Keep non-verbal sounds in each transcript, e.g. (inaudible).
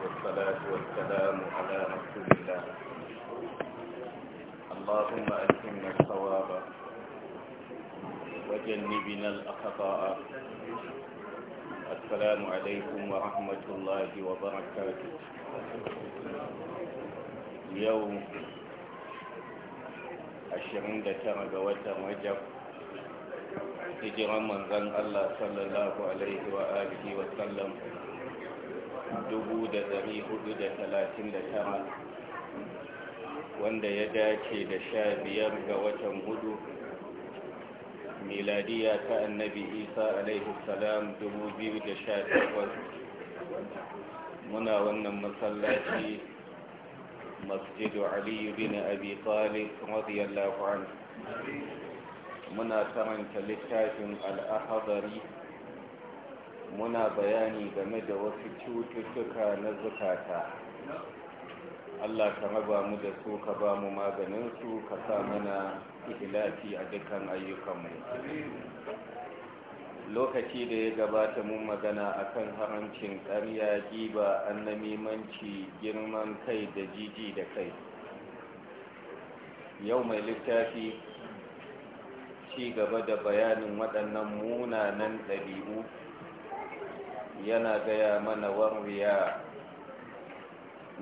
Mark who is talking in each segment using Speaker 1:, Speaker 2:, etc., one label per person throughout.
Speaker 1: والصلاة والسلام على
Speaker 2: رسول الله اللهم ألهمنا الصواب وجنبنا الأخطاء السلام عليكم ورحمة الله وبركاته اليوم عشرين دكرة وتر رجب hijiran manzan Allah صلى الله عليه وآله وسلم dubu da dari hudu da talatin da tara wanda ya dace da sha biyar ga watan hudu miladiya ta annabi isa alaihi salam dubu biyu da sha takwas muna wannan masallaci masjidu aliyu bin abi talib radiyallahu anhu muna karanta littafin al'ahadari muna bayani game da wasu cututtuka na zukata Allah ka raba mu da su ka ba mu maganinsu ka sa mana ilafi a dukkan ayyukanmu lokaci da ya gabata mun magana akan harancin ƙarya giba annamimanci girman kai da jiji da kai yau mai littafi ci gaba da bayanin waɗannan munanan ɗabi'u yana gaya mana warriya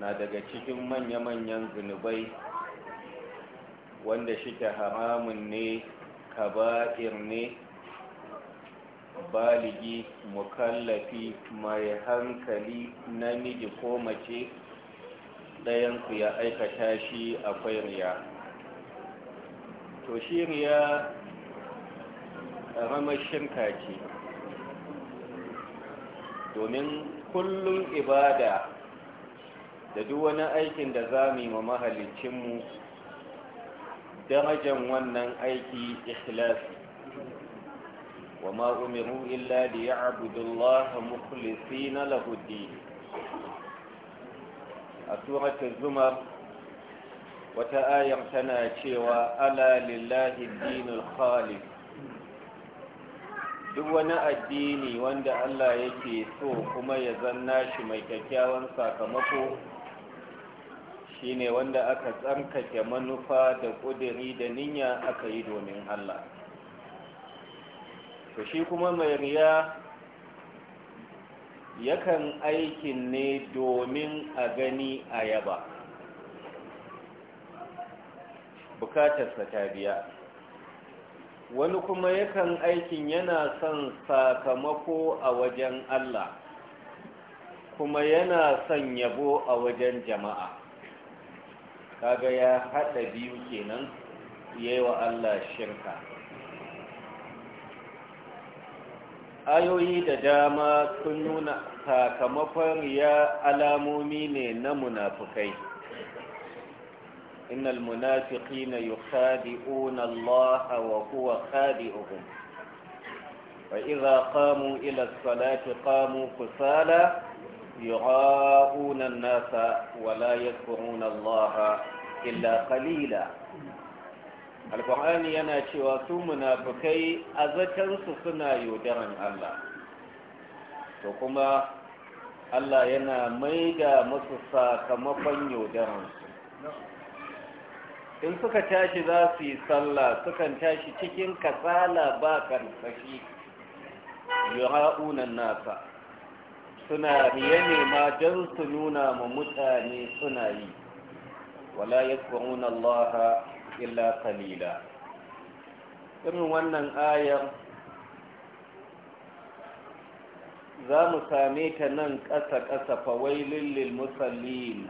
Speaker 2: na daga cikin manya-manyan zunubai wanda shike haramun ne kaba'ir ne baligi mukallafi mai hankali namiji ko mace ɗayansu ya aikata shi akwai riya to shi riya ƙaramar shirka domin kullum ibada da duk wani aikin da za mu yi wa mahalicinmu darajan wannan aiki ikhlasi wa ma'umiru umiru illa ya ya'budullaha mukhlisina na din a suratul zumar wata ayar tana cewa ala lillahi dinul duk wani addini wanda Allah yake so kuma ya zanna shi mai kyakkyawan sakamako ne wanda aka tsarkake manufa da ƙudiri da niyya aka yi domin Allah to shi kuma mai riya yakan aikin ne domin a gani a yaba bukatarsa ta biya wani kuma yakan aikin yana son sakamako a wajen Allah kuma yana son yabo a wajen jama'a kaga ya haɗa biyu kenan wa Allah shirka ayoyi da dama sun nuna sakamakon ya alamomi ne na munafukai إن المنافقين يخادئون الله وهو خادئهم فإذا قاموا إلى الصلاة قاموا كسالى يراءون الناس ولا يذكرون الله إلا قليلا القرآن yana cewa su munafikai azakansu suna yaudaran Allah to kuma Allah yana maida musu sakamakon yaudaransu in suka tashi za su yi sallah sukan tashi cikin kasala ba karsashi yuha'unan nasa suna riye ne ma don su nuna ma mutane suna yi wala yadkuruna Allah illa kalila irin wannan ayar za mu same ta nan ƙasa-ƙasa fawailin lil musallin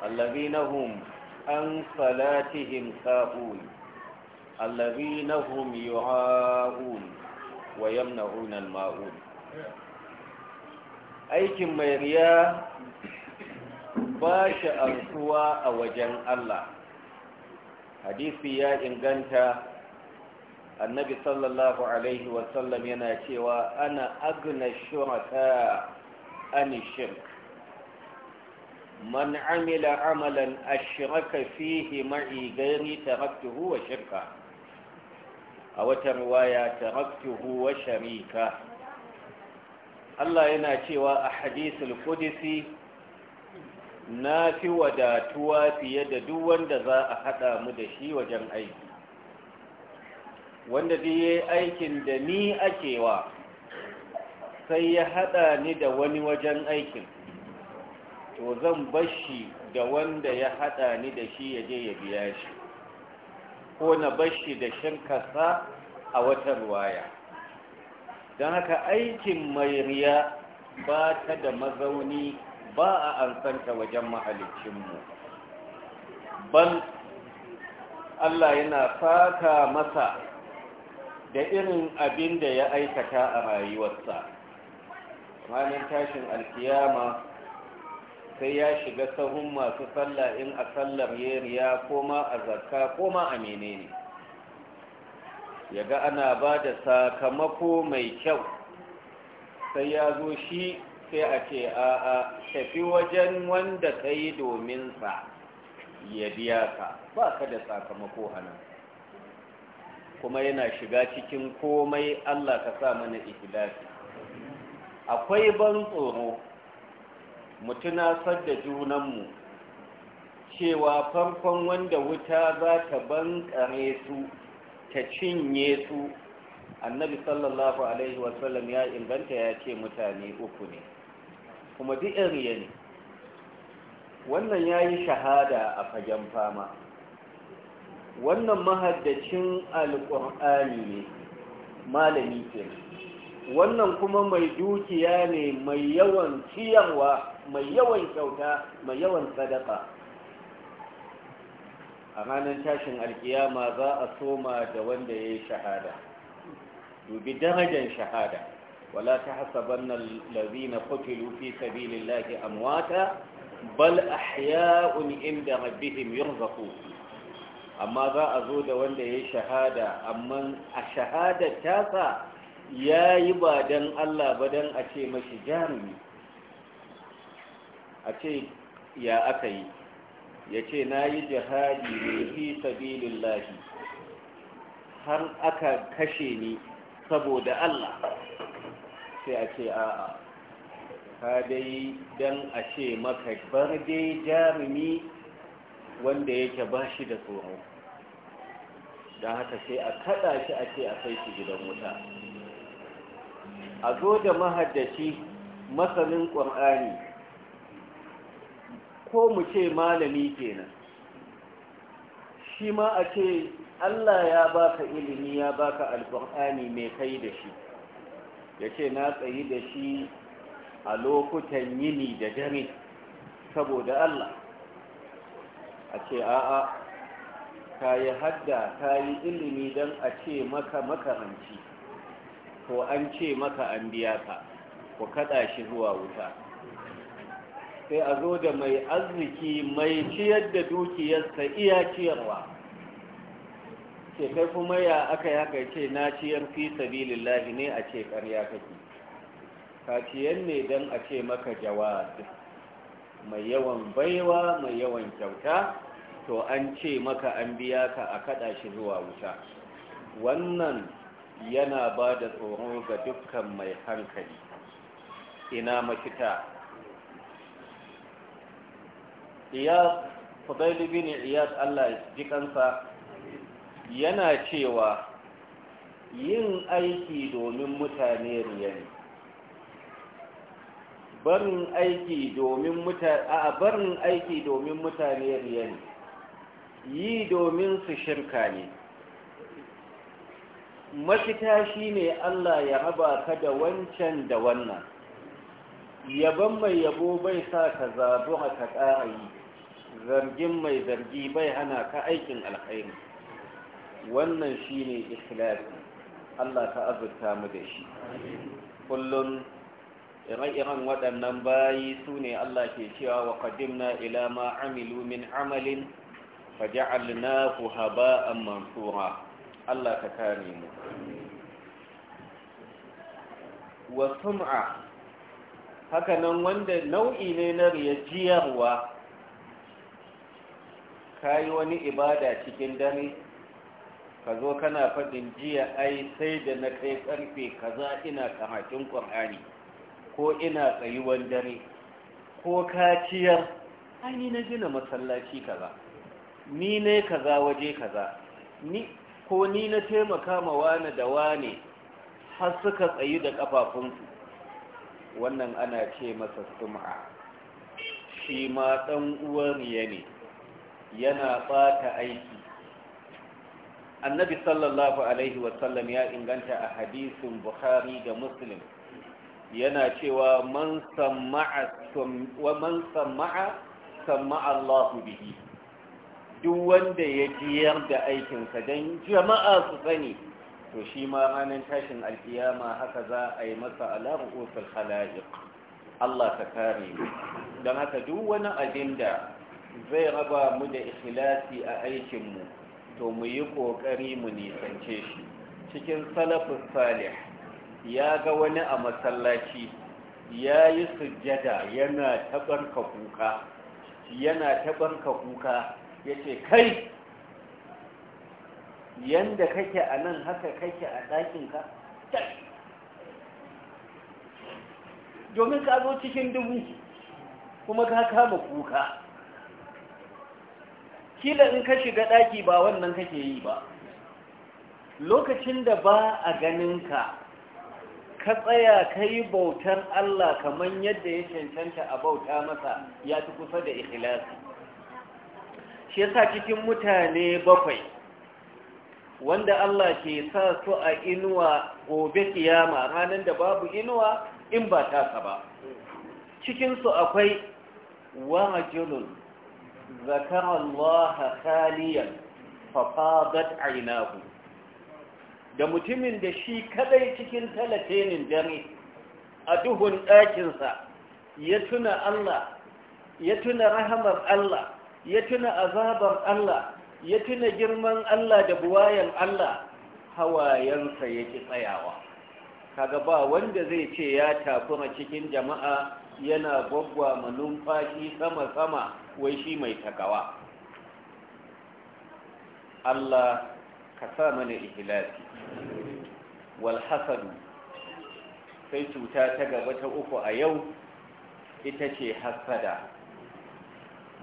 Speaker 2: allazina hum an salatihim sa'un allazina hum yu'aun wa yamna'una al-ma'un aikin mai riya ba shi amsuwa a wajen Allah hadisi ya inganta annabi sallallahu alaihi wasallam yana cewa ana agna shuraka ani man amila amalan ashraka fihi ma'i gairi taraktuhu wa shirka a wata riwaya taraktuhu wa sharika Allah yana cewa a hadisul qudsi na fi wadatuwa fiye da duk wanda za a haɗa mu da shi wajen aiki wanda zai aikin da ni akewa sai ya haɗa ni da wani wajen aikin to zan bashi da wanda ya haɗa ni da shi ya je ya biya shi ko na bashi da shinkasa a wata ruwaya don haka aikin mai riya ba ta da mazauni ba a ansanta wajen mahalicinmu Ban Allah yana fata masa da irin abin da ya aikata a rayuwarsa ranar tashin alkiyama sai ya shiga sahun masu sallah in a sallar yariya ko ma a zarka ko ma a menene ya ga ana ba da sakamako mai kyau sai ya zo shi sai a ce a a tafi wajen wanda ka yi sa ya biya ka ba ka da sakamako a kuma yana shiga cikin komai allah ka sa mana ikilasi akwai ban tsoro mu tunasar da junanmu cewa farkon wanda wuta za ta bankare su ta cinye su annabi sallallahu alaihi wasallam ya inganta ya ce mutane uku ne kuma duk iriya ne wannan ya yi shahada a fagen fama wannan mahaddacin alƙur'ani ne malami ke wannan kuma mai dukiya ne mai yawan ciyarwa mai yawan kyauta mai yawan sadaka a ranar tashin alkiyama za a soma da wanda ya yi shahada dubi darajar shahada wala ta hasabar na lalzina kutilu fi sabilin lafi amwata bal ahya'un inda rabbihim yurzaku amma za a zo da wanda ya yi shahada amma a shahadar tasa ya yi ba don Allah ba don a ce mashi jarumi a ce ya aka yi ya ce na yi jihadi ne fi sabilin sabilillahi har aka kashe ni saboda Allah sai a ce a'a ka dai don a ce maka bar dai jarumi wanda yake ba shi da tsoro don haka sai a kada shi a ce a kai shi gidan wuta a zo da mahaddaci masanin ƙwar'ani ko mu ce malami kenan shi ma a ce Allah ya baka ilimi ya baka alƙur'ani mai kai da shi ya ce na tsayi da shi a lokutan yini da dare saboda Allah a ce a'a ka yi hadda ka yi ilimi don a ce maka makaranci ko an ce maka an biya ka ko kaɗa shi zuwa wuta sai a zo da mai arziki mai ciyar da dukiyarsa iya ciyarwa ke kai kuma ya aka yi haka ce na ciyar fi sabilillahi ne a ce karya kake ka ne don a ce maka jawad mai yawan baiwa mai yawan kyauta to an ce maka an biya ka a kada shi zuwa wuta wannan yana ba da tsoron ga dukkan mai hankali ina mafita iyas fadail bin iyas allah ya yana cewa yin aiki domin mutane riya ne barin aiki domin mutane a barin aiki domin mutane riya ne yi domin su shirka ne mafita shine Allah ya haba ka da wancan da wannan yaban mai yabo bai sa ka a ka ƙara yi zargin mai zargi bai hana ka aikin alkhairi wannan shine ikhlasi Allah ta azurta mu da shi kullum ire-iren waɗannan bayi su ne Allah ke cewa wa qadimna ila ma amilu min amalin faja'alnahu haba'an mansura Allah ka kare mu wa sum'a hakanan wanda nau'i ne na riyajiyarwa ka yi wani ibada cikin dare ka zo kana faɗin jiya ai sai da na kai ƙarfe kaza ina kamakin ƙwar'ani ko ina tsayuwan dare ko kaciyar Ai na gina masallaci kaza ni ne kaza waje kaza ni ko ni na taimaka ma wane da wane har suka tsayi da ƙafafunsu wannan ana ce masa sum'a shi ma ɗan uwan ya ne yana ɓata aiki annabi sallallahu alaihi wasallam ya inganta a hadisin bukhari da muslim yana cewa man samma'a samma'a allahu bihi duk wanda ya jiyar da aikinsa don jama'a su sani to shi ma ranar tashin alkiyama haka za a yi masa alamu ofin halayyar Allah ta kare mu don haka duk wani abin da zai raba mu da ikhlasi a aikinmu to mu yi ƙoƙari mu nisance shi cikin salafus salih ya ga wani a masallaci ya yi sujjada yana taɓarka kuka yana taɓarka kuka ya ce kai yanda kake a nan haka kake a ɗakinka domin ka zo cikin dubu kuma ka kama kuka kila in ka shiga ɗaki ba wannan kake yi ba lokacin da ba a ganinka ka tsaya ka yi bautar Allah kamar yadda ya cancanta a bauta masa ya fi kusa da ikhlasi shi yasa cikin mutane bakwai wanda Allah ke sa su a inuwa gobe kiyama ranar da babu inuwa in ba tasa ba cikinsu akwai wajilun ذكر الله خاليا ففاضت عيناه da mutumin da shi kadai cikin talatenin dare a duhun ɗakinsa ya tuna Allah ya tuna rahamar Allah ya tuna azabar Allah ya tuna girman Allah da buwayan Allah hawayensa ya ki tsayawa kaga ba wanda zai ce ya takura cikin jama'a yana gwaggwa ma numfashi sama-sama wai shi mai takawa Allah ka sa mana ihlasi wal sai cuta ta gaba ta uku a yau ita ce hasada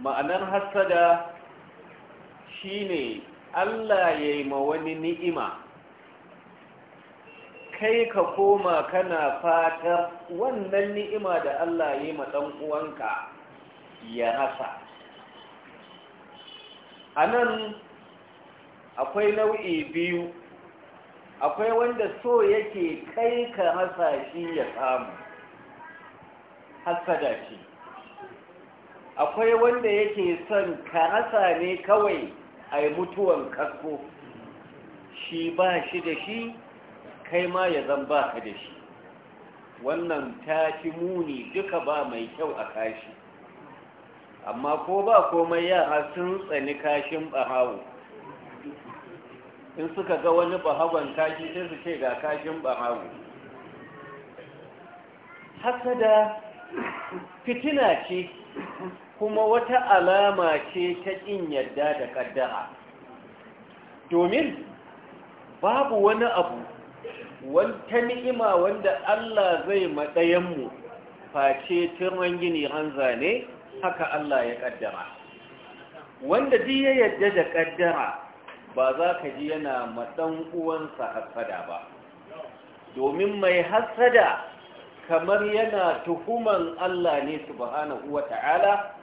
Speaker 2: ma'anar hasada shine Allah ya yi ma wani ni'ima kai ka koma kana fata wannan ni'ima da Allah ya yi ma ɗan uwanka ya rasa a nan akwai nau'i biyu akwai wanda so yake kai ka hasashi ya samu hasada ce akwai wanda yake son ka hasa ne kawai a yi mutuwan kasko shi ba shi da shi kai ma ya zan ba ka da shi wannan ta fi muni duka ba mai kyau a kashi amma ko ba komai yara sun tsani kashin bahawu in suka ga wani bahawan kashi sai su ce ga kashin haka hasada fitina ce kuma wata alama ce ta ƙin yadda da ƙaddara domin babu wani abu wata ni'ima wanda Allah zai maɗayenmu face tiran gini ran zane. haka Allah ya ƙaddara. wanda duk ya yadda da ƙaddara ba za ka ji yana matsan uwansa hasada ba domin mai hasada kamar yana tuhuman Allah ne subhanahu ta'ala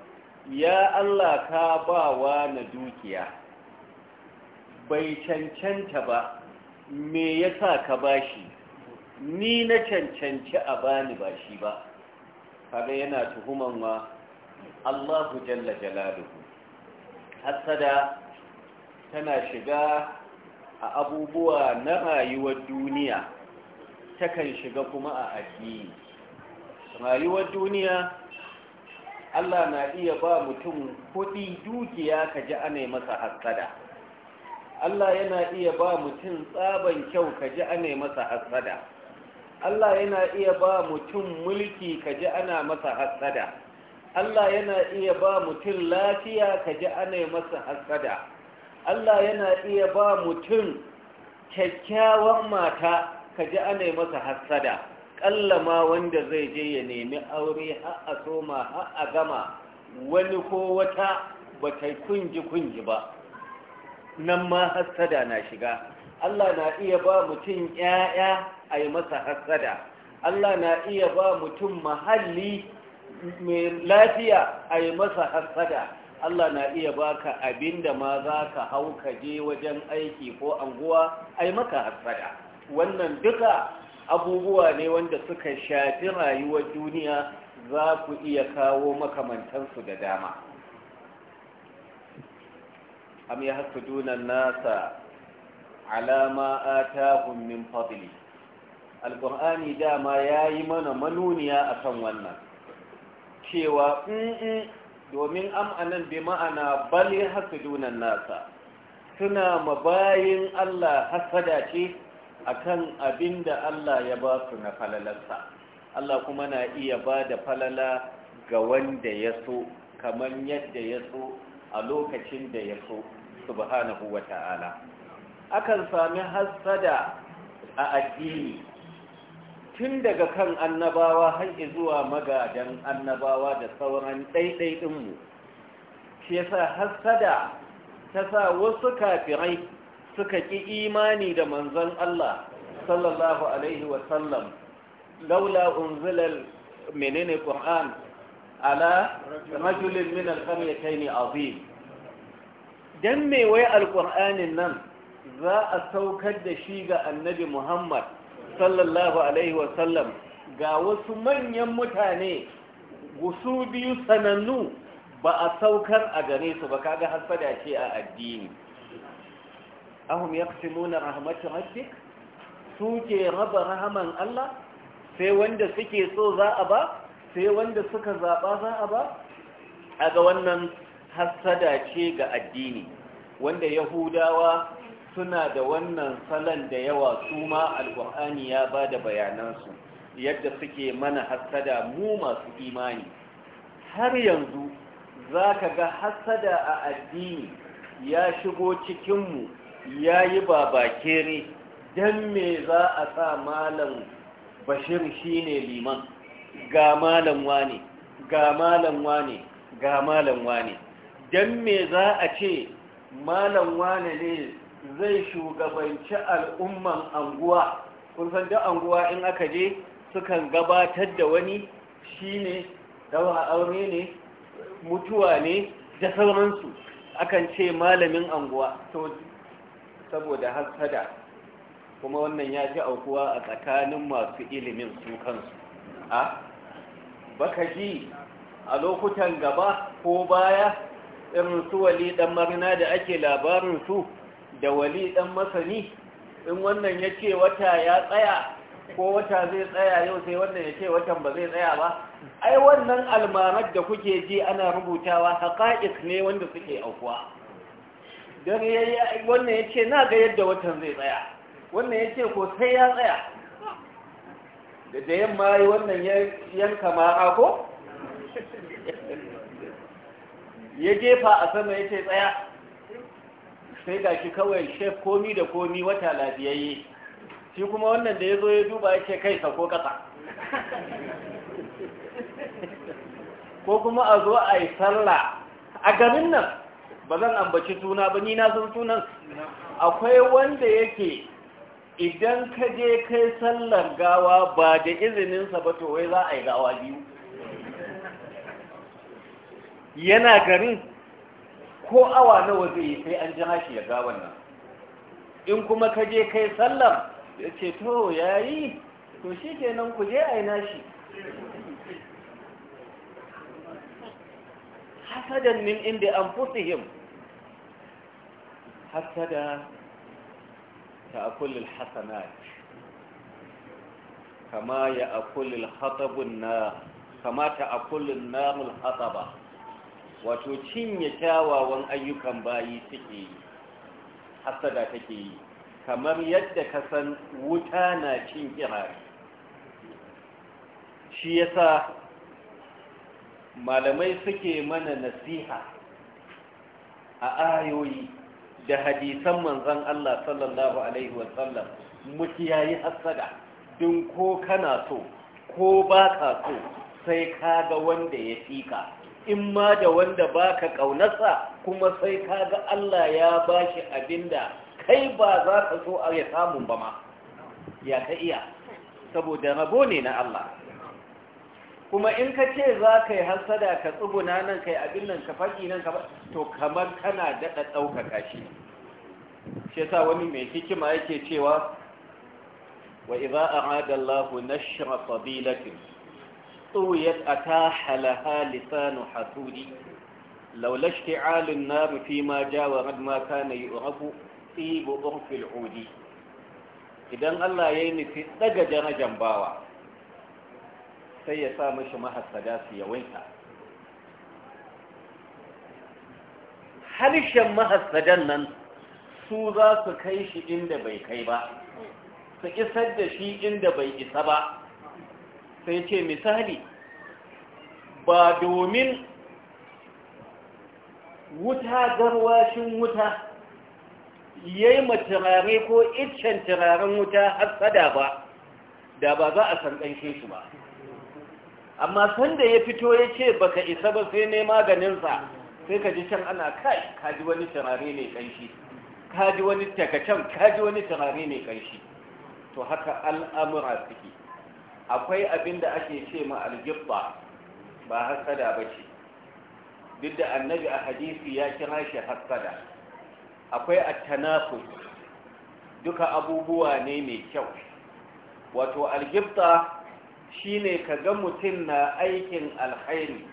Speaker 2: ya Allah ka bawa na dukiya bai cancanta ba me yasa ka bashi ni na cancanci a bani bashi ba kaga yana tuhuman wa Allahu jalla jalaluhu hasada tana shiga a abubuwa na rayuwar duniya takan shiga kuma a addini rayuwar duniya Allah na iya ba mutum kuɗi dukiya ka ji ana masa hasada Allah yana iya ba mutum tsaban kyau ka ji ana masa hasada Allah yana iya ba mutum mulki ka ji ana masa hasada Allah yana iya ba mutum lafiya ka ji ana masa hasada Allah yana iya ba mutum kyakkyawan mata ka ji ana masa hasada Ƙallama wanda zai je ya nemi aure har a soma har a gama wani ko wata ba ta kunji kunji ba nan ma hassada na shiga Allah na iya ba mutum ‘ya'ya a masa hassada Allah na iya ba mutum mahalli mai lafiya a yi masa hasada Allah na iya baka abinda ma za ka hau ka je wajen aiki ko anguwa a yi maka hasada wannan duka abubuwa ne wanda suka shafi rayuwar duniya za ku iya kawo makamantansu da dama am ya dunan nasa alama tahun min fadli alqur'ani dama yi mana manuniya akan wannan cewa in domin am anan bi ma'ana bali hasudunan nasa suna mabayin Allah hasada ce akan abinda Allah ya ba su na falalarsa Allah kuma na iya ba da falala ga wanda ya so kamar yadda ya so a lokacin da ya so subhanahu wata'ala akan sami hasada a addini tun daga kan annabawa har zuwa magadan annabawa da sauran ɗaiɗaiɗinmu ke sa hassada ta sa wasu kafirai suka ƙi imani da manzon Allah sallallahu alaihi wasallam laula unzilal menene qur'an ala rajulin min al-qaryatayn azim dan me wai alqur'anin nan za a saukar da shi ga annabi Muhammad sallallahu alaihi wasallam ga wasu manyan mutane gusu biyu sanannu ba a saukar a gare su ba kaga hasada ce a addini ahum yaqsimuna rahmatu rabbik suke raba rahaman Allah sai wanda suke so za a ba sai wanda suka zaba za a ba kaga wannan hasada ce ga addini wanda yahudawa suna da wannan salon da yawa su ma alƙur'ani ya ba da bayanansu yadda suke mana hasada mu masu imani har yanzu za ka ga hasada a addini ya shigo cikinmu ya yi babakere don me za a sa malam bashir shi ne liman ga malam wane ga malam wane ga malam wane don me za a ce malam wane ne zai shugabanci al'umman anguwa kun san duk anguwa in aka je sukan gabatar da wani shine dawa aure ne mutuwa ne da sauransu akan ce malamin anguwa to saboda hasada kuma wannan ya ji aukuwa a tsakanin masu ilimin su kansu a baka ji a lokutan gaba ko baya irin su wali dan marina da ake labarin su da wali ɗan masani in wannan ya ce wata ya tsaya ko wata zai tsaya yau sai wannan ya ce watan ba zai tsaya ba ai wannan almanar da kuke ji ana rubutawa haƙa'is ne wanda suke aukuwa don wannan ya ce na ga yadda watan zai tsaya wannan ya ce ko sai ya tsaya da da yamma yi wannan yanka mara ko
Speaker 1: (laughs) ya
Speaker 2: jefa a sama ya ce tsaya sai ga shi kawai shef komi da komi wata lafiyayye shi kuma wannan da ya zo ya duba ya ce kai sako kasa ko kuma a zo a yi sallah a garin nan ba zan ambaci suna ba ni na zo sunan akwai wanda yake idan ka je kai sallar gawa ba da izininsa ba to wai za a yi gawa biyu
Speaker 1: yana garin
Speaker 2: ko awa nawa zai yi sai an ji shi ya ga wannan in kuma ka je kai sallar ya ce to ya yi to shi ke nan ku je aina shi hasadan min inda an fusihim hasada ta akulil hasanat kama ya akulil hatabun na kama ta akulil namul hataba wato cinye kyawawan ayyukan bayi suke yi hasada take yi kamar yadda ka san wuta na cin kirari shi yasa malamai suke mana nasiha a ayoyi da hadisan manzan Allah sallallahu alaihi wasallam mutiyayi hasada din ko kana so ko ba ka so sai ka ga wanda ya fika in ma da wanda baka ƙaunarsa kuma sai ka ga Allah ya bashi abinda kai ba za ka so a ya samun ba ma ya ka iya saboda rabo ne na Allah kuma in ka ce za ka yi hasada ka tsubuna nan ka yi abin nan ka faɗi nan ka to kamar kana daɗa ɗaukaka shi shi sa wani mai hikima yake cewa wa idza arada na nashra fadilatin طويت أتاح لها لسان حسودي لولا ma النار فيما جاورد ما كان يعرف طيب عرف العود idan Allah ya yi nufi daga janajan bawa sai ya sa mashi mahassada su yawaita harshen mahassadan nan su zasu kai shi inda bai kai ba su isar da shi inda bai isa ba sai ce misali ba domin wuta garwashin wuta ya yi matirare ko iccen turaren wuta har tsada ba da ba za a san ƙanshe shi ba amma sanda ya fito ya ce ba ka isa ba sai ne maganinsa sai ka ji can ana kai kaji wani turare ne ƙanshi kaji wani takacen kaji wani turare ne ƙanshi to haka al'amura suke akwai abin da ake ce ma aljibba ba hasada ba ce duk da annabi a hadisi ya kira shi hasada akwai attanafu duka abubuwa ne mai kyau wato shi ne ka ga mutum na aikin alkhairi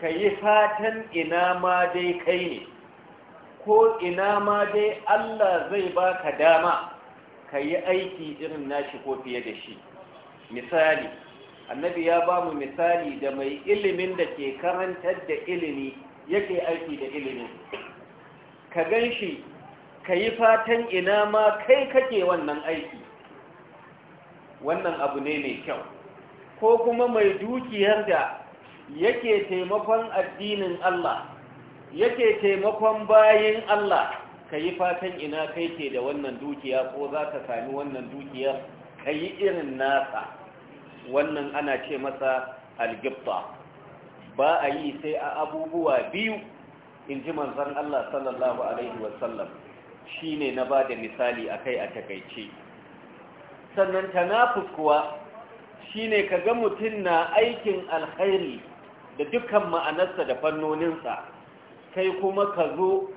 Speaker 2: ka yi fatan ina ma dai kai ne ko ina ma dai Allah zai baka dama ka yi aiki irin nashi ko fiye da shi misali annabi ya ba mu misali da mai ilimin da ke karantar da ilimi yake aiki da ilimin ka gan shi ka yi fatan ina ma kai kake wannan aiki wannan abu ne mai kyau ko kuma mai dukiyar da yake taimakon addinin Allah yake taimakon bayin Allah ka yi fatan ina kai ke da wannan dukiya ko za ka sami wannan dukiyar ka yi irin nasa wannan ana ce masa algibta ba a yi sai a abubuwa biyu in ji manzan Allah sallallahu Alaihi wasallam shi ne na ba da misali a kai a takaice sannan tanafus kuwa shi ne ka ga mutum na aikin alkhairi da dukkan ma'anarsa da fannoninsa kai kuma ka zo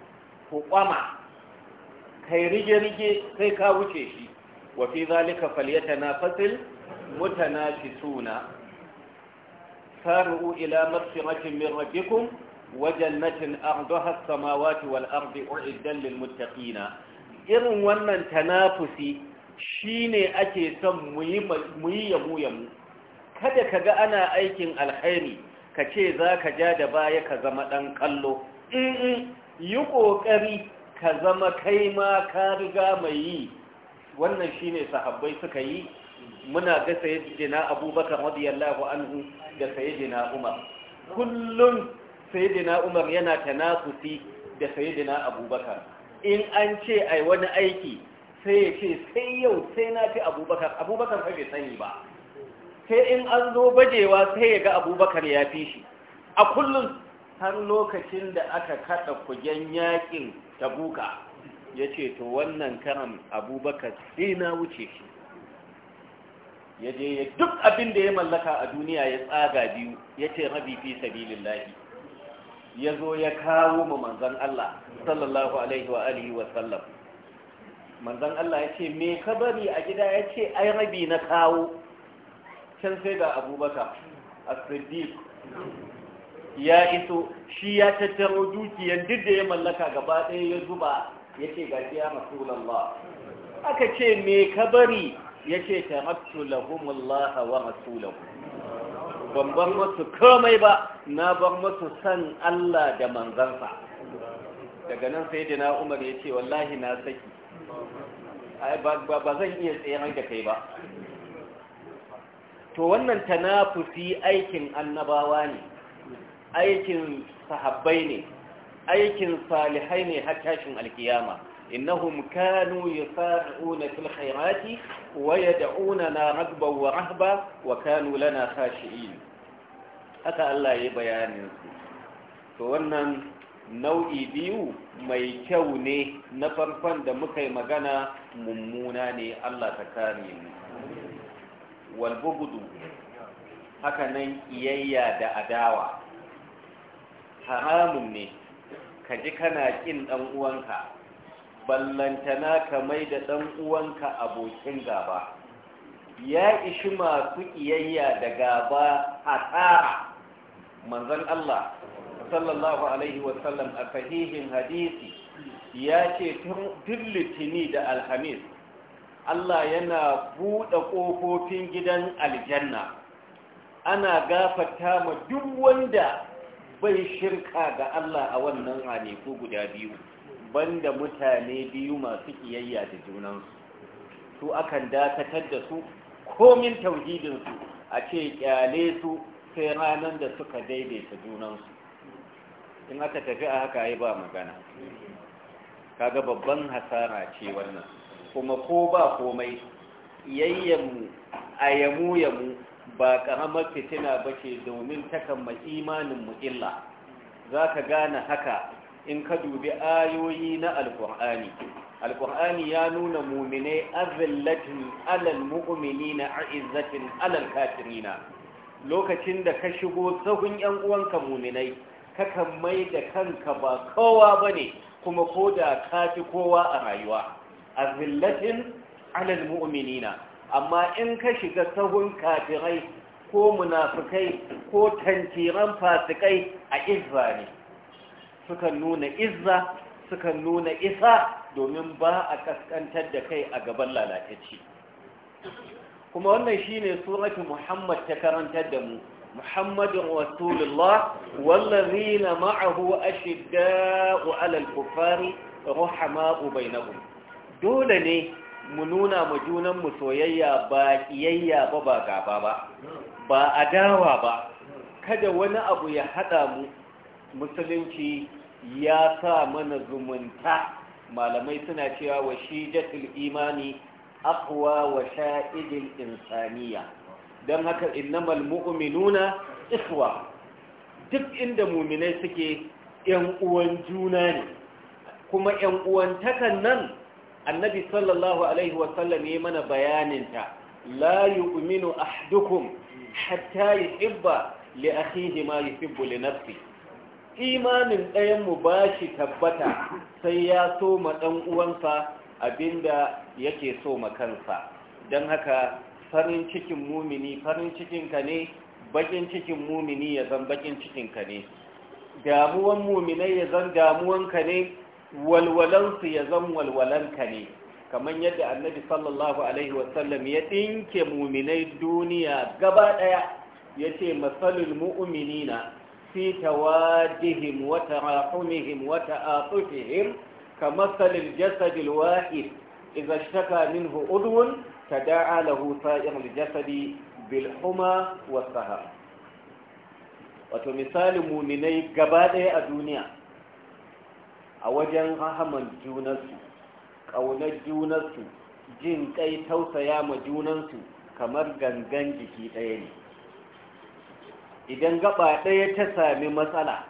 Speaker 2: ku kwama kai rige-rige sai ka wuce shi wafi zalika falyata na fasil mutanafisuna saru ila maghfiratin min rabbikum wa jannatin arduha as-samawati wal ardi u'iddat lil muttaqina irin wannan tanafusi shine ake son mu yi mu yamu yamu kada kaga ana aikin alkhairi ka ce za ka ja da baya ka zama ɗan kallo yi ƙoƙari ka zama kai ma ka riga mai yi wannan shine sahabbai suka yi muna ga sayyidina abubakar radiyallahu anhu da sayyidina umar kullum sayyidina umar yana tanakusi da sayyidina abubakar in an ce ai wani aiki sai ya ce sai yau sai na fi abubakar abubakar fa bai sani ba sai in an zo bajewa sai ya ga abubakar ya fi shi a kullum har lokacin da aka kada kujen yakin tabuka ya ce to wannan karam abubakar sai na wuce shi ya je ya duk abin da ya mallaka a duniya ya tsaga biyu ya ce rabi fi sabilillahi ya zo ya kawo mu manzan Allah sallallahu alaihi wa alihi wa sallam manzon Allah ya ce me ka bari a gida ya ce ai rabi na kawo can sai ga abubakar A siddiq ya iso shi ya tattaro dukiyar duk da ya mallaka gaba ɗaya ya zuba ya ce ga ya masu aka ce me ka bari yace tamattu lahumullaha wa rasulahu ban ban musu komai ba na ban musu san Allah da manzansa daga nan sai na Umar ce, wallahi na saki ai ba zan iya tsayar da kai ba to wannan tanafusi aikin annabawa ne aikin sahabbai ne aikin salihai ne har tashin alkiyama إنهم كانوا يسارعون في الخيرات ويدعوننا رغبا ورهبا وكانوا لنا خاشعين haka Allah ya bayanin su to wannan nau'i biyu mai kyau ne na farkon da muka yi magana mummuna ne Allah ta kare mu walbugudu haka nan iyayya da adawa haramun ne ka ji kana kin ɗan uwanka ballantana ka mai da ɗan uwanka abokin gaba ya ishi masu ƙiyayya da gaba a tsara manzon Allah sallallahu alaihi wasallam a sahihin hadisi ya ce tun litini da alhamis Allah yana buɗe ƙofofin gidan aljanna ana gafata ma duk wanda bai shirka ga Allah a wannan hanifu guda biyu banda mutane biyu masu kiyayya da junansu su akan dakatar da su komin tauhidinsu a ce kyale su sai ranar da suka daidaita junansu in aka tafi a haka yi ba magana kaga babban hasara ce wannan kuma ko ba komai yayyanmu a yamu yamu ba karamar fitina ba ce domin takan imanin mu illa za ka gane haka in ka dubi ayoyi na alkur'ani alkur'ani ya nuna mumine azillatin alal mu'minina izzatin alal kafirina lokacin da ka shigo sahun yan uwanka muminai kakan mai da kanka ba kowa bane kuma ko da ka fi kowa a rayuwa azillatin alal mu'minina amma in ka shiga sahun kafirai ko munafikai ko tantiran fasikai a izba ne sukan nuna izza sukan nuna isa domin ba a kaskantar da kai a gaban lalatacci kuma wannan shine suratu muhammad ta karantar da mu muhammadun rasulullah wallazina ma'ahu ashidda'u 'alal kufari rahama'u bainahum dole ne mu nuna ma junanmu soyayya ba kiyayya ba ba gaba ba ba adawa ba kada wani abu ya hada mu musulunci ya sa mana zumunta malamai suna cewa wa shijatul imani aqwa wa sha'idil insaniya don haka innamal mu'minuna iswa? duk inda muminai suke yan uwan juna ne kuma yan uwantakan nan annabi sallallahu alaihi wasallam ya mana bayaninta la yu'minu ahdukum hatta yuhibba li akhihi ma yuhibbu li nafsihi imanin ɗayanmu ba shi tabbata sai ya so ma ɗan uwansa abinda yake so ma kansa don haka farin cikin mumini farin cikinka ne bakin cikin mumini ya zan bakin cikinka ne damuwan muminai ya zan damuwanka ne walwalansu ya zan walwalanka ne kamar yadda annabi sallallahu alaihi wasallam ya ɗinke muminai duniya gaba ɗaya ya ce matsalul na. fi tawajihim wa tarahumihim wa ta'atuhihim ka matsalin jasadil wa’i, iza shaka min hu’udun ta da’a da husa in jasadi bilhuma wa saha. Wato misalin muminai gaba ɗaya a duniya a wajen rahaman junansu, ƙaunar junansu, jin ƙai tausaya ma junansu kamar gangan jiki ɗaya ne. idan gaba ɗaya ta sami matsala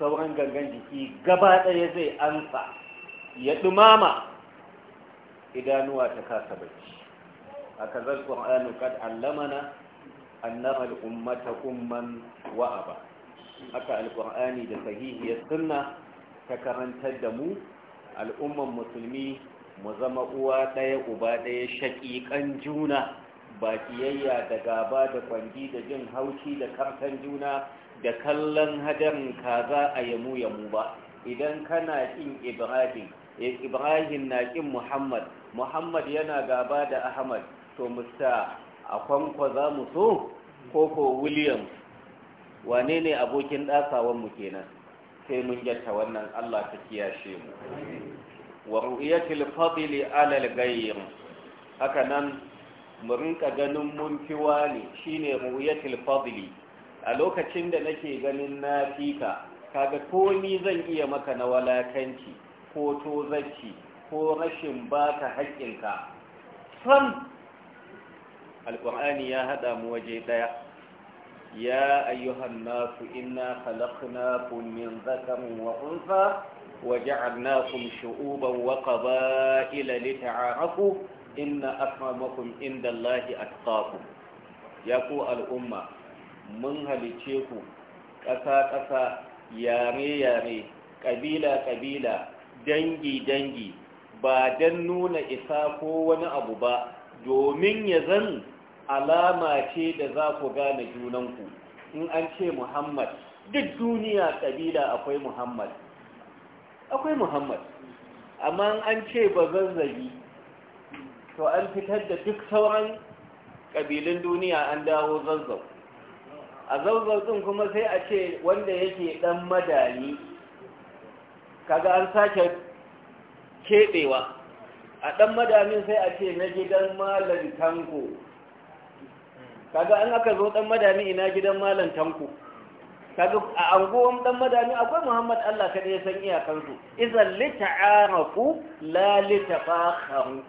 Speaker 2: sauran gangan jiki gaba ɗaya zai ansa ya ɗumama idanuwa ta kasa bacci a kazar ƙwa'anu kad allamana annama al'ummata umman wa'aba haka alƙwa'ani da sahihiyar sunna ta karantar da mu al'umman musulmi mu zama uwa ɗaya uba ɗaya shaƙiƙan juna ba kiyayya da gaba da kwangi da jin haushi da kamtan juna da kallon hadarin kaza a yamu yamu ba idan kana kin ibrahim eh, ibrahim na kin muhammad muhammad yana gaba da ahmad to musta a kwankwa za mu so ko william wane ne abokin mu kenan sai mun yatta wannan allah ta kiyashe mu wa ru'iyatul fadli ala al-ghayr haka nan mu rinka ganin mun fi wani shine ruyatul fadli a lokacin da nake ganin na fika kaga ko ni zan iya maka na walakanci ko tozarci ko rashin baka haƙƙinka San alƙur'ani ya haɗa mu waje ɗaya يا أيها الناس إنا خلقناكم من ذكر وأنثى وجعلناكم شعوبا وقبائل لتعارفوا inna akramakum indallahi atqakum ya ku al'umma mun halice ku ƙasa ƙasa yare yare ƙabila ƙabila dangi dangi ba don nuna isa ko wani abu ba domin ya zan alama ce da za ku gane junanku in an ce muhammad duk duniya ƙabila akwai muhammad akwai muhammad amma an ce ba zanzabi to an fitar da duk sauran ƙabilun duniya an dawo zazzau a zazzau ɗin kuma sai a ce wanda yake ɗan madani kaga an sake keɓewa a ɗan madamin sai a ce na gidan malam tanko kaga an aka zo ɗan madami ina gidan malam tanko kaga a anguwan ɗan madami akwai muhammad allah kada ya san iyakansu izan lita'arafu la litafakharu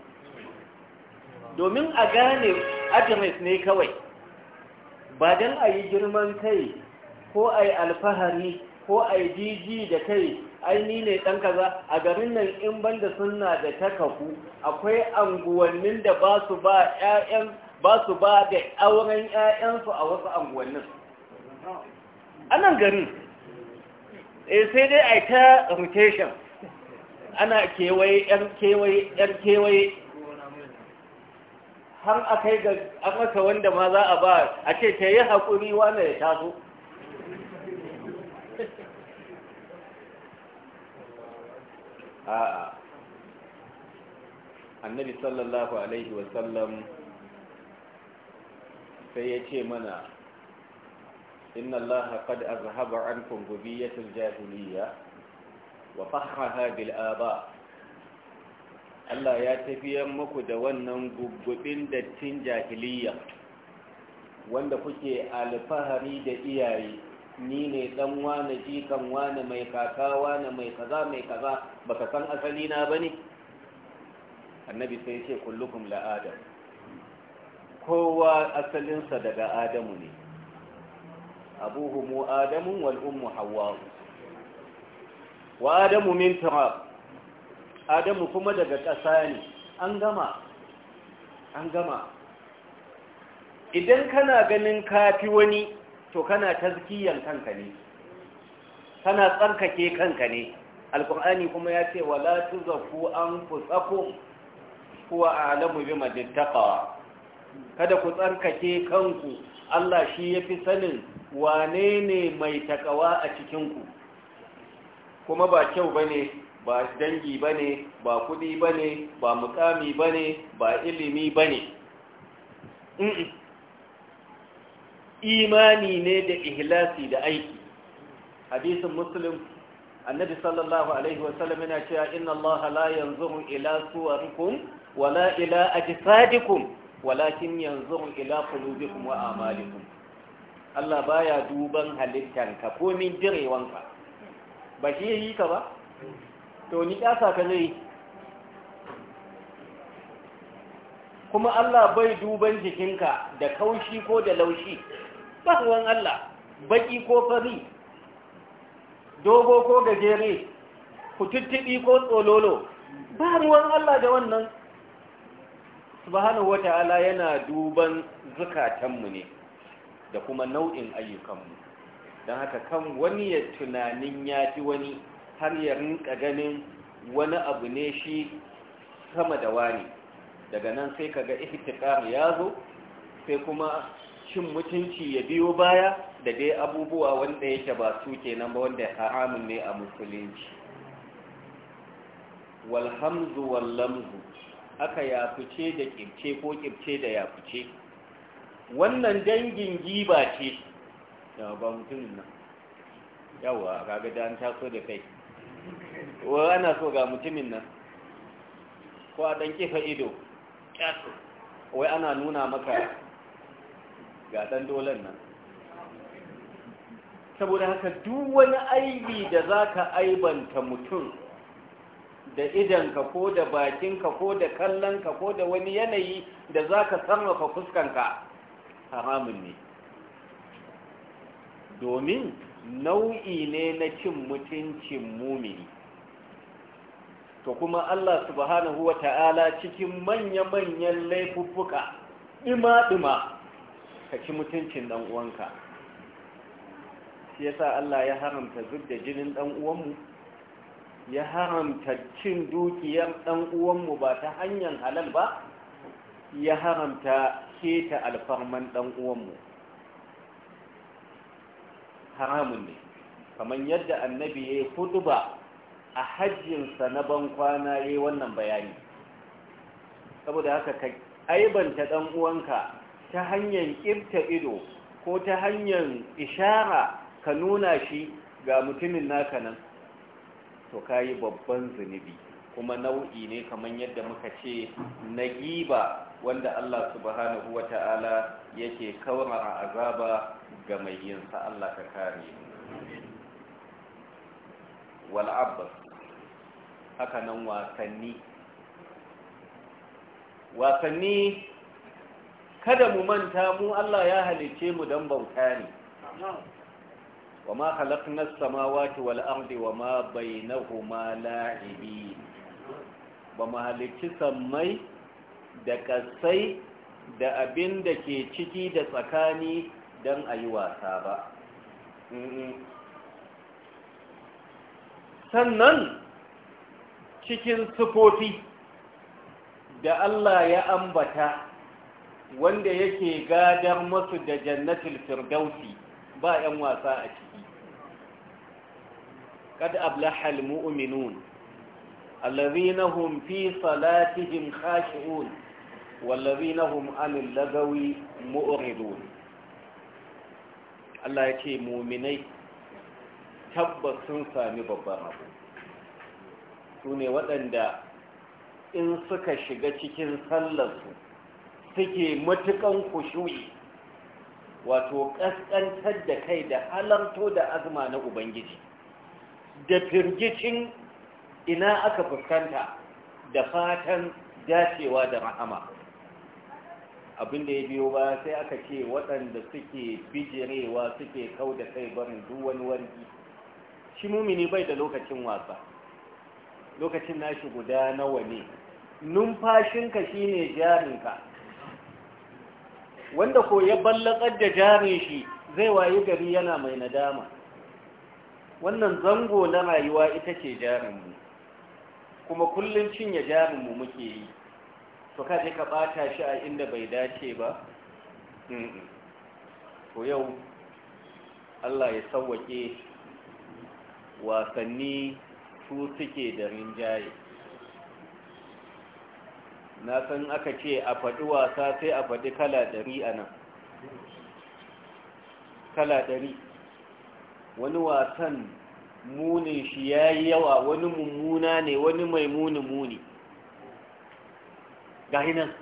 Speaker 2: domin a gane address ne kawai ba don a yi girman kai ko a yi alfahari ko a yi jiji da kai aini ne ɗan kaza a garin nan in banda suna da ta kafu akwai anguwannin da ba su ba da auren 'ya'yansu a wasu anguwannin anan garin e sai dai a ta rotation ana kewaye 'yan kewaye 'yan kewaye har a kai ga an wanda ma za a ba a ce ta yi haƙuri wanda ya taso a'a annabi sallallahu alaihi wasallam sai ya ce mana inna allaha qad azhaba ankum gubiyatul jahiliya wa fakhraha bil aba Allah ya tafiyar muku da wannan guggubin dattin jahiliya wanda kuke alfahari da iyaye ni ne dan wane jikan wane mai kaka wane mai kaza mai kaza baka san asali na bane annabi sai ce kullukum la adam kowa asalinsa daga adamu ne abuhu mu adamun wal ummu hawwa wa adamu min turab adamu kuma daga ƙasa ne an gama an gama idan kana ganin kafi wani to kana tazkiyan kanka ne kana tsarkake kanka ne alkur'ani kuma ya ce wala tuzaku kuwa a a'lamu bi tattaqwa kada ku tsarkake kanku Allah shi ya fi sanin wane ne mai takawa a cikinku. kuma ba kyau bane ba dangi ba ne ba kudi ba ne ba mukami ba ne ba ilimi ba ne imani ne da ihlasi da aiki hadisun muslim annabi sallallahu alaihi wasallam yana cewa inna Allah la yanzuru ila suwarikum wala ila ajsadikum walakin yanzuru ila qulubikum wa a'malikum Allah baya duban halittanka ko min direwanka ba shi yi ka ba to ni ƙasa ka zai kuma Allah bai duban jikinka da kaushi ko da laushi ba ruwan Allah baki ko fari dogo ko gajere kututtubi ko tsololo ba ruwan Allah da wannan subhanahu wata'ala yana duban zukatanmu ne da kuma nau'in ayyukanmu don haka kan wani ya tunanin ya ji wani har ya rinka ganin wani abu ne shi sama da wani daga nan sai kaga ihtiqar ya zo sai kuma cin mutunci ya biyo baya da dai abubuwa wanda yake ba su kenan ba wanda haramun ne a musulunci walhamzu wallamzu aka yafice da kibce ko kibce da yafice wannan dangin giba ce yawa ba mutumin nan yawa kaga da an taso da kai wa ana so ga mutumin nan ko a ɗan kifa ido wai ana nuna maka ga ɗan dolan nan saboda haka duk wani aibi da za ka aibanta mutum da idanka ko da bakinka ko da kallonka ko da wani yanayi da za ka sarrafa fuskanka haramun ne domin nau'i ne na cin mutuncin mumini to kuma Allah subhanahu wa ta'ala cikin manya-manyan laifuffuka dima-dima ka ci mutuncin ɗan uwanka shi yasa Allah ya haramta zub da jinin ɗan uwanmu ya haramta cin dukiyar ɗan uwanmu ba ta hanyar halal ba ya haramta keta alfarman ɗan uwanmu haramun ne kamar yadda annabi ya yi hutuba a hajjinsa na ban kwana ya yi wannan bayani saboda haka ka aibanta ɗan uwanka ta hanyar ƙirta ido ko ta hanyar ishara ka nuna shi ga mutumin naka nan to ka yi babban zunubi kuma nau'i ne kamar yadda muka ce na giba wanda Allah subhanahu wa ta'ala yake kawara azaba ga mai yin sa Allah ka kare wal abbas haka nan wasanni wasanni kada mu manta mu Allah ya halice mu dan bauta ne wa ma khalaqna as-samawati wal ardi wa ma bainahuma la'ibin ba mu halicci sammai da kasai da abin da ke ciki da tsakani don a yi wasa ba sannan cikin sufofi da Allah ya ambata wanda yake gadar masu da jannatul firdausi ba 'yan wasa a ciki kad ablahal mu'minun allazina hum fi salatihim khashi'un wallazina hum anil lagawi mu'ridun Allah ya ce muminai tabbas sun sami babban abu su ne waɗanda in suka shiga cikin sallarsu suke matuƙan kushuyi wato ƙasƙantar da kai da halarto da azuma na ubangiji da firgicin ina aka fuskanta da fatan dacewa da rahama abin da ya biyo ba sai aka ce waɗanda suke bijirewa suke kau da kai barin duk wani wargi shi mumini bai da lokacin wasa lokacin nashi guda nawa ne numfashinka shi ne jarinka wanda ko ya ballakar da jarin shi zai wayi gari yana mai nadama wannan zango na rayuwa ita ce jarin mu. kuma kullum cinye jarinmu muke yi to ka ka bata shi a inda bai dace ba to yau Allah ya sauwake wasanni su suke da rinjaye na san aka ce a faɗi wasa sai a faɗi kala ɗari a nan kala ɗari wani wasan munin shi ya yi yawa wani mummuna ne wani mai muni muni gahi nan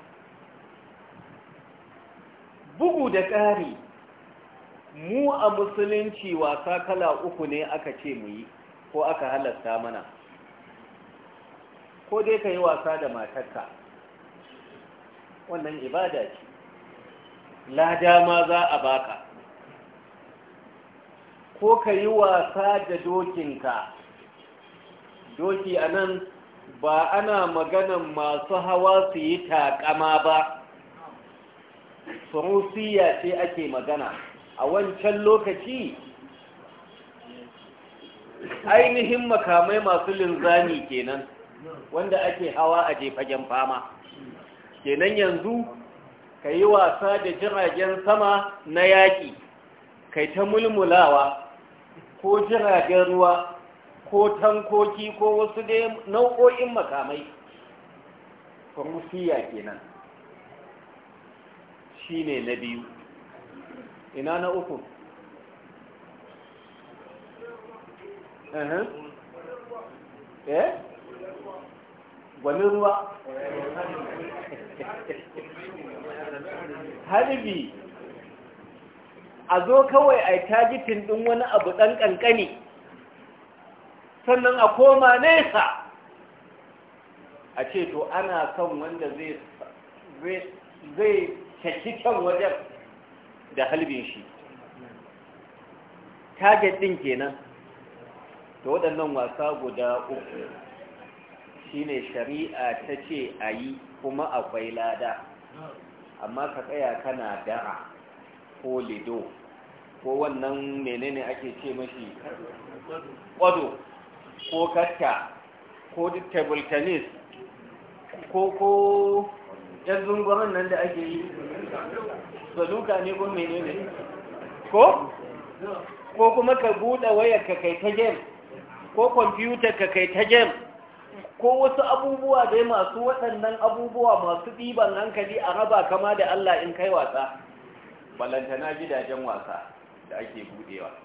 Speaker 2: bugu da ƙari mu a musulunci wasa kala uku ne aka ce mu yi ko aka halasta mana ko dai ka yi wasa da matarka wannan ibada ce lada ma za a baka ko ka yi wasa da dokinka doki a nan ba ana maganan masu hawa su yi takama ba surusiya ce ake magana a wancan lokaci ainihin makamai masu linzani kenan wanda ake hawa a jefagen fama kenan yanzu ka yi wasa da jiragen sama na yaƙi kai ta mulmulawa ko jiragen ruwa ko tankoki ko wasu dai nau'o'in makamai rufiya kenan shine na biyu ina na uku eh gwanin ruwa (laughs) harbi a zo kawai a tajitin ɗin wani abu ɗan ƙanƙani sannan a koma nesa a ce to ana son wanda zai shaki kyan wajen da halbin shi target ɗin kenan to waɗannan wasa guda uku shine shari'a ta ce a yi kuma akwai lada amma ka tsaya kana da'a ko lido ko wannan menene ake ce mashi ƙwado tsokarka ko table tennis ko ko yan zungurin nan da ake yi saluka ne ko mene ne ko ko kuma ka buɗe wayar ka kai ta game ko kwamfutar ka kai ta game ko wasu abubuwa dai masu waɗannan abubuwa masu ɗiban hankali a raba kama da Allah in kai wasa ballantana gidajen wasa da ake buɗewa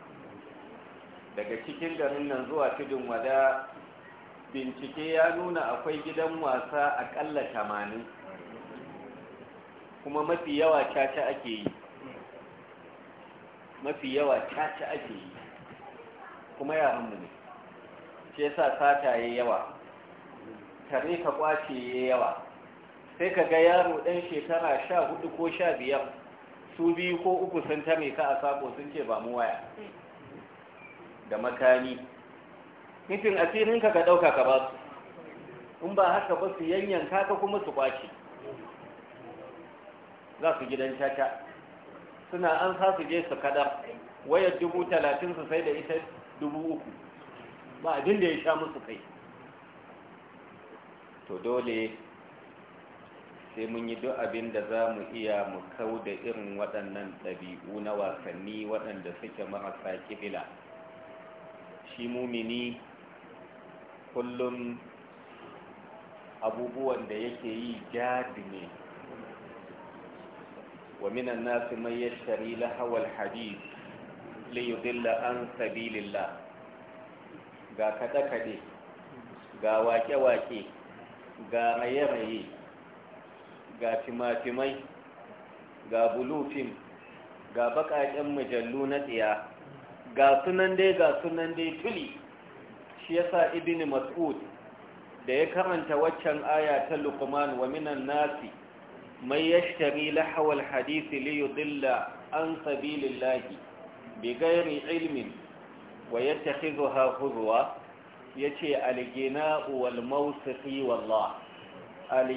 Speaker 2: daga cikin garin nan zuwa tudun wada bincike ya nuna akwai gidan wasa akalla tamanin kuma mafi yawa caca ake yi mafi yawa caca ake yi kuma yaranmu ne ce sa sata ya yawa Tare ka kwace ya yawa sai ka ga yaro ɗan shekara sha hudu ko sha biyar su biyu ko uku sun tare ka a sako sun ce ba mu waya da makami nufin asirinka ka ɗauka ka ba su in ba haka ba su yanyanka ka kuma su kwace za su gidan caca suna an sa su je su kadar wayar dubu talatin su sai da ita dubu uku ba abin da ya sha musu kai to dole sai mun yi duk abin da za mu iya mu kau da irin waɗannan ɗabi'u na wasanni waɗanda suke marasa ƙibila. shi mumini kullum abubuwan da yake yi jadi ne wa minan nasi man yashtari lahawal hadith li yudilla an sabilillah ga kaɗe-kaɗe ga wake-wake ga raye-raye ga timatimai, ga bulufin ga baƙaƙen mujallu na tsiya ga sunan dai ga sunan dai tuli shi yasa ibn mas'ud da ya karanta waccan aya ta luqman wa minan nasi mai yashtari lahawal hadisi li yudilla an sabilillahi bi ghairi ilmin wa yattakhidhuha huzwa yace al wal mawsiqi wallah al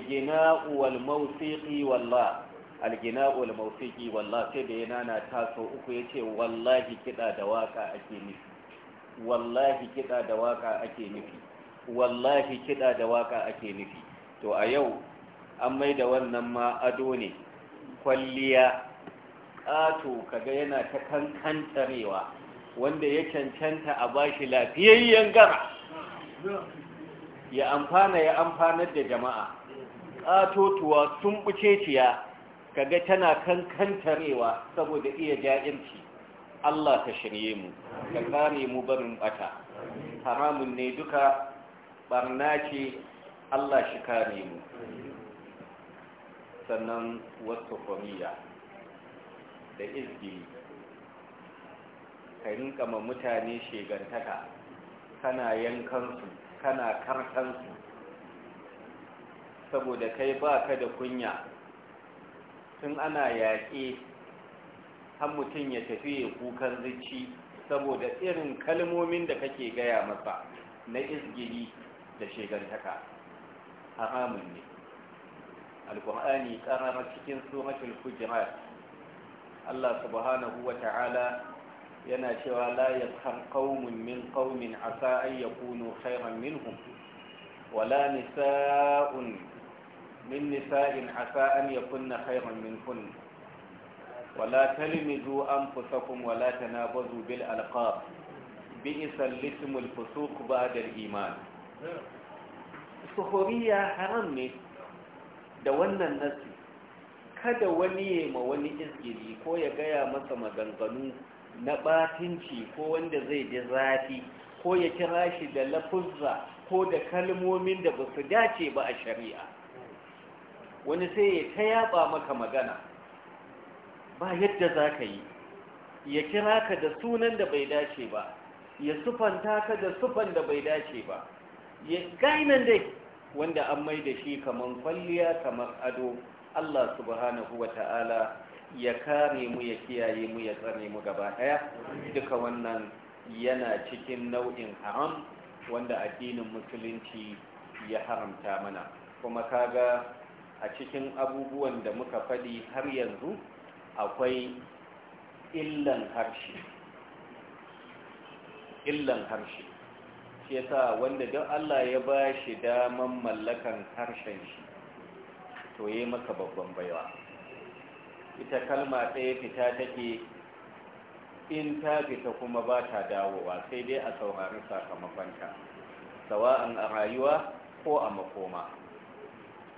Speaker 2: wal mawsiqi wallah algina ul mawsiqi wallahi sai da yana na taso uku yace wallahi kida da waka ake nufi wallahi kiɗa da waka ake nufi wallahi kida da waka ake nufi to a yau an mai da wannan ma ado ne kwalliya ƙato kaga yana ta kankantarewa wanda ya cancanta a bashi lafiyayyen gara ya amfana ya amfanar da jama'a ƙatotuwa sun buceciya kaga tana kankantarewa saboda iya ja'irci Allah ta shirye mu ka kare mu barin bata haramun ne duka barna ce Allah shi kare mu sannan wasu kwamiya da izgiri ka rinka ma mutane shegantaka kana yankansu kana kartansu saboda kai ba ka da kunya tun ana yaƙe har mutum ya tafi ya kukan zici saboda irin kalmomin da kake gaya masa na izgili da shegantaka haramun ne alkur'ani karama cikin suratul hujurat Allah subhanahu wa ta'ala yana cewa la yaskhar qaumun min qaumin asa an yakunu khayran minhum wala nisa'un من نساء عسى أن يكن خيرا منكن ولا تلمزوا أنفسكم ولا تنابزوا بالألقاب بئس الاسم الفسوق بعد الإيمان سخورية حرامي دولنا da kada wani ma wani izgiri ko ya gaya masa maganganu na batinci ko wanda zai ji zafi ko ya kira shi da lafuzza ko da kalmomin da ba su dace ba a shari'a wani sai ya ta yaba maka magana ba yadda za ka yi ya kira ka da sunan da bai dace ba ya sufanta ka da sufan da bai dace ba ya gainan dai wanda an mai da shi kamar kwalliya kamar ado Allah subhanahu wa ta'ala ya kare mu ya kiyaye mu ya tsare mu gaba daya duka wannan yana cikin nau'in haram wanda addinin musulunci ya haramta mana kuma kaga a cikin abubuwan da muka faɗi har yanzu akwai illan harshe illan harshe ke sa wanda don Allah ya ba shi daman mallakan harshen shi to yi maka babban baiwa ita kalma ɗaya fita take in ta fita kuma ba ta dawowa sai dai a saurari sakamakonta sawa'an a rayuwa ko a makoma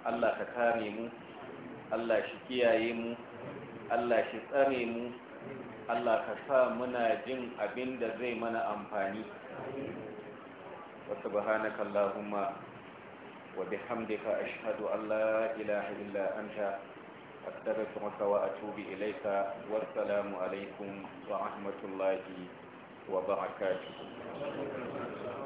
Speaker 2: Allah ka kare mu Allah shi kiyaye mu Allah shi tsare mu Allah ka sa muna jin abin da zai mana amfani wa subhanaka allahumma wa bihamdika ashhadu an la ilaha illa anta astaghfiruka wa atubu ilayka wa assalamu alaikum wa rahmatullahi wa barakatuh